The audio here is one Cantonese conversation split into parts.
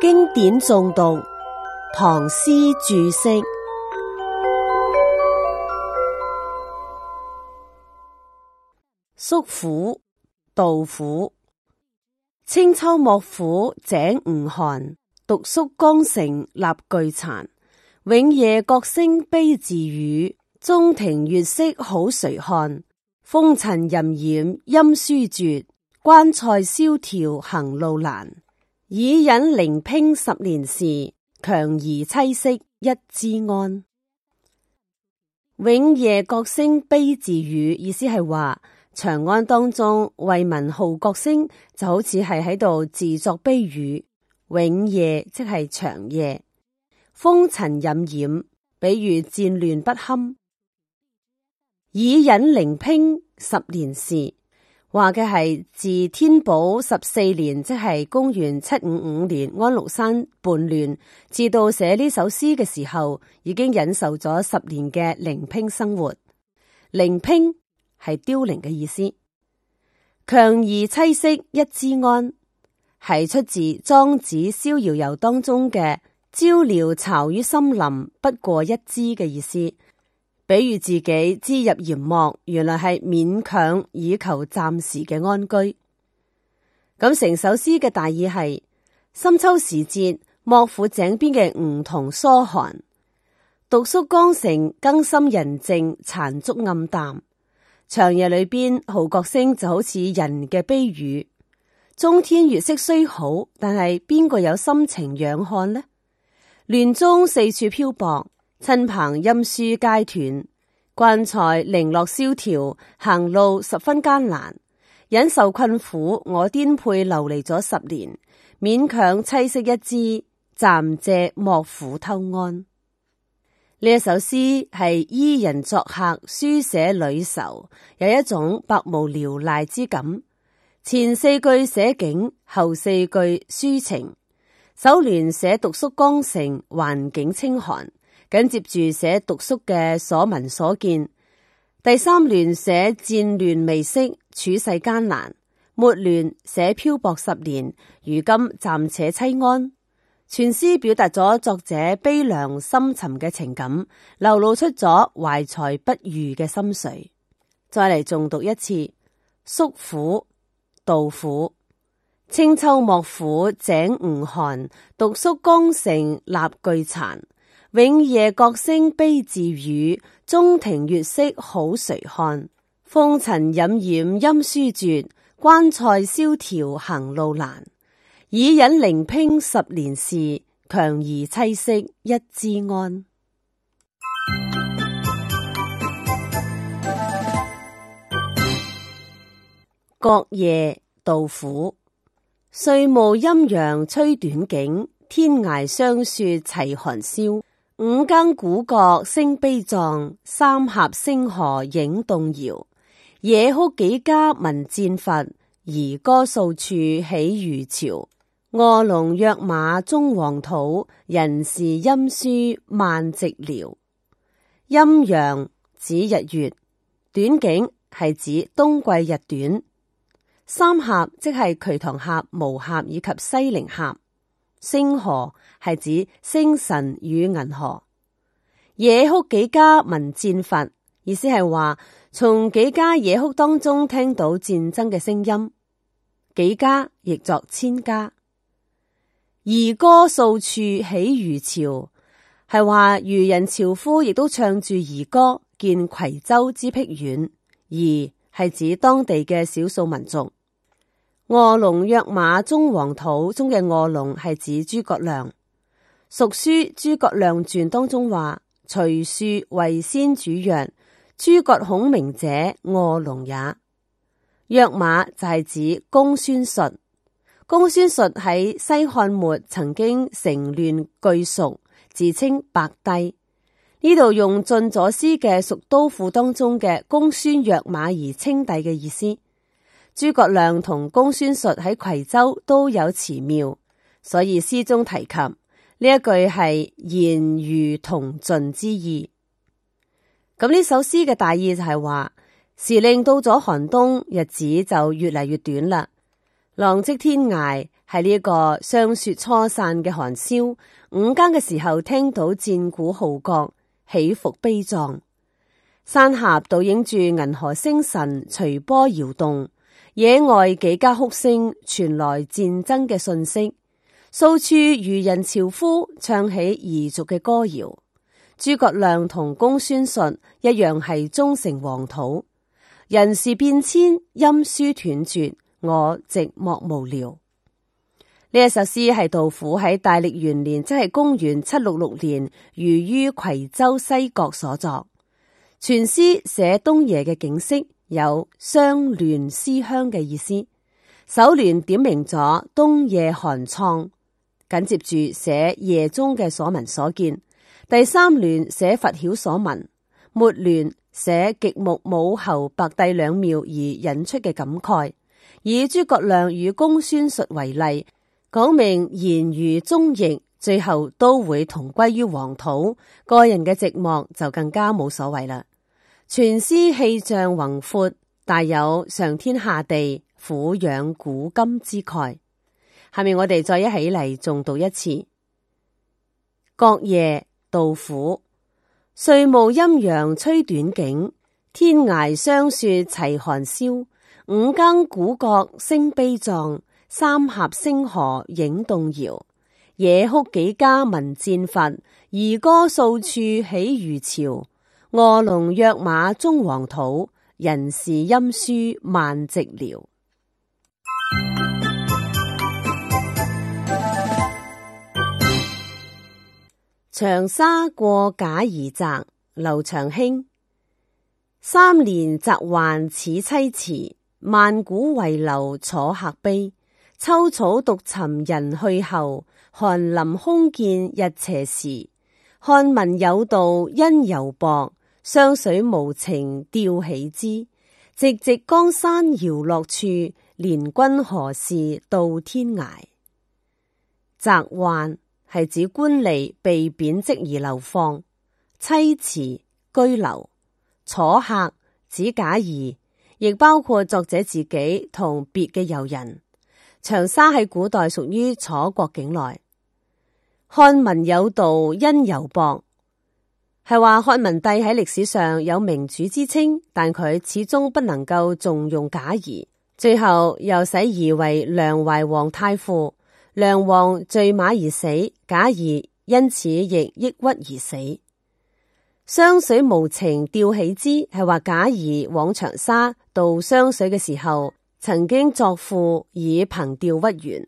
經典誦讀，唐詩注釋。宿府，杜甫。清秋幕府井梧寒，獨宿江城蠟炬殘。永夜角聲悲自語，中庭月色好誰看？風塵荏苒，音書絕，關塞蕭條行路難。以忍伶俜十年事，強移棲息一枝安。永夜角聲悲自語，意思係話長安當中為民號角聲，就好似係喺度自作悲語。永夜即係長夜，風塵荏苒，比喻戰亂不堪。以忍伶俜十年事。話嘅係自天寶十四年，即係公元七五五年安禄山叛亂，至到寫呢首詩嘅時候，已經忍受咗十年嘅伶俜生活。伶俜係凋零嘅意思。強移棲息一枝安，係出自莊子逍遙遊當中嘅鷦鷯巢於深林，不過一枝嘅意思。比喻自己之入嚴幕，原來係勉強以求暫時嘅安居。咁成首詩嘅大意係：深秋時節，幕府井邊嘅梧桐疏寒，獨宿江城，更深人靜，殘燭暗淡，長夜裏邊號角聲就好似人嘅悲語。中天月色雖好，但係邊個有心情仰看呢？亂中四處漂泊。親朋音書皆斷，關塞零落蕭條，行路十分艱難，忍受困苦，我顛沛流離咗十年，勉強棲息一枝，暫借幕府偷安。呢一首詩係伊人作客，書寫旅愁，有一種百無聊賴之感。前四句寫景，後四句抒情。首聯寫獨宿江城，環境清寒。緊接住寫讀書嘅所聞所見，第三聯寫戰亂未息，處世艱難；末聯寫漂泊十年，如今暫且棲安。全詩表達咗作者悲涼深沉嘅情感，流露，露出咗懷才不遇嘅心水。再嚟重讀一次《宿府》，杜甫：清秋幕府井梧寒，獨宿江城蠟炬殘。永夜角聲悲自語，中庭月色好誰看？風塵荏苒音書絕，關塞蕭條行路難。已忍零拼十年事，強移棲息一枝安。各夜，杜甫。歲暮陰陽催短景，天涯霜雪齊寒宵。五更鼓角聲悲壯，三峽星河影動搖。野哭幾家聞戰伐，夷歌數處起漁樵。臥龍躍馬終黃土，人事音書漫寂寥。陰陽指日月，短景係指冬季日短。三峽即係瞿塘峽、巫峽以及西陵峽。星河係指星辰與銀河，野哭幾家聞戰伐，意思係話從幾家野哭當中聽到戰爭嘅聲音，幾家亦作千家。兒歌數處起漁樵，係話漁人樵夫亦都唱住兒歌，見夔州之僻遠，而係指當地嘅少數民族。臥龍躍馬中黃土中嘅臥龍係指諸葛亮，蜀書《諸葛亮傳》當中話：，徐庶為先主曰：，諸葛孔明者，臥龍也。躍馬就係指公孫述，公孫述喺西漢末曾經成亂據蜀，自稱白帝。呢度用晉左思嘅《蜀都賦》當中嘅公孫躍馬而稱帝嘅意思。諸葛亮同公孫述喺夔州都有祠廟，所以詩中提及呢一句係言如同盡之意。咁呢首詩嘅大意就係話時令到咗寒冬，日子就越嚟越短啦。浪跡天涯係呢一個霜雪初散嘅寒宵，五更嘅時候聽到戰鼓號角，起伏悲壯。山峽倒映住銀河星辰，隨波搖動。野外幾家哭聲傳來戰爭嘅訊息，數處漁人樵夫唱起彝族嘅歌謠。諸葛亮同公孫述一樣係終成黃土，人事變遷，音書斷絕，我寂寞無聊。呢一首詩係杜甫喺大曆元年，即係公元七六六年，寓於夔州西閣所作。全詩寫冬夜嘅景色。有相聯思鄉嘅意思，首聯點明咗冬夜寒愴，緊接住寫夜中嘅所聞所見。第三聯寫拂曉所聞，末聯寫極目武侯、白帝兩廟而引出嘅感慨。以諸葛亮與公孫述為例，講明賢愚終形，最後都會同歸於黃土，個人嘅寂寞就更加冇所謂啦。全詩氣象宏闊，大有上天下地、俯仰古今之慨。下面我哋再一起嚟誦讀一次《閣夜》杜甫：歲暮陰陽催短景，天涯霜雪齊寒宵。五更鼓角聲悲壯，三峽星河影動搖。野哭幾家聞戰伐，夷歌數處起漁樵。」臥龍躍馬終黃土，人事音書漫寂寥。長沙過賈誼宅，劉長卿。三年謫宦此棲遲，萬古惟留楚客悲。秋草獨尋人去後，寒林空見日斜時。漢文有道恩猶薄。湘水無情吊豈知，寂寂江山搖落處。憐君何事到天涯？謫宦係指官吏被貶職而流放，棲遲，居留，楚客指賈誼，亦包括作者自己同別嘅遊人。長沙喺古代屬於楚國境內，漢文有道恩猶薄。係話漢文帝喺歷史上有明主之稱，但佢始終不能夠重用賈誼，最後又使而為梁懷王太傅，梁王墜馬而死，賈誼因此亦抑鬱而死。湘水無情吊豈知，係話賈誼往長沙渡湘水嘅時候，曾經作賦以憑吊屈原。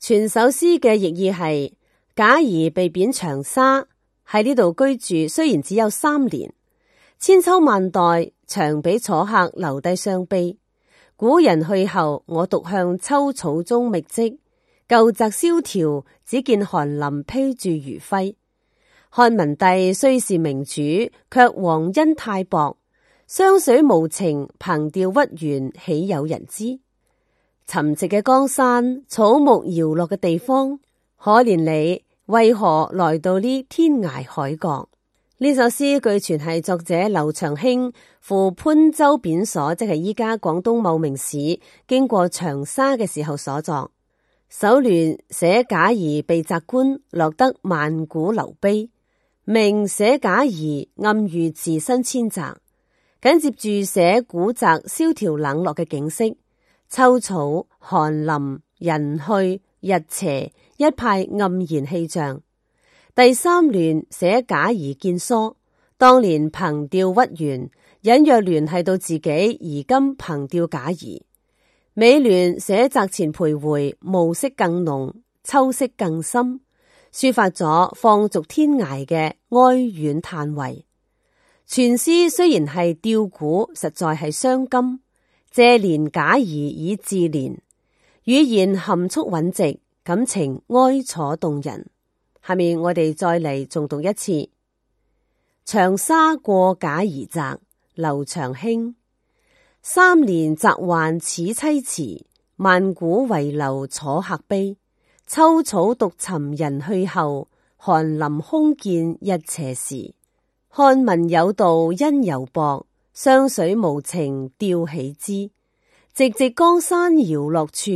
全首詩嘅譯意係賈誼被貶長沙。喺呢度居住雖然只有三年，千秋萬代長俾楚客留低傷悲。古人去後，我獨向秋草中覓跡。舊宅蕭條，只見寒林披住餘暉。漢文帝雖是明主，卻皇恩太薄。湘水無情，憑吊屈原，豈有人知？沉寂嘅江山，草木搖落嘅地方，可憐你，為何來到呢天涯海角？呢首詩據傳係作者劉長卿赴潘州貶所，即係依家廣東茂名市，經過長沙嘅時候所作。首聯寫賈誼被謫官，落得萬古流悲；明寫賈誼，暗喻自身遷謫。緊接住寫古宅蕭條冷落嘅景色：秋草寒林，人去日斜。一派黯然氣象。第三聯寫賈誼見疏，當年憑吊屈原，隱約聯繫到自己，而今憑吊賈誼。尾聯寫澤前徘徊，暮色更濃，秋色更深，抒發咗放逐天涯嘅哀怨嘆維。全詩雖然係吊古，實在係傷今。借憐賈誼以自憐，語言含蓄穩直。感情哀楚動人，下面我哋再嚟重讀一次《長沙過賈誼宅》。劉長卿：三年謫宦此棲遲，萬古惟留楚客悲。秋草獨尋人去後，寒林空見日斜時。漢文有道恩猶薄，湘水無情弔豈知？寂寂江山搖落處。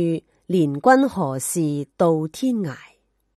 連君何事到天涯？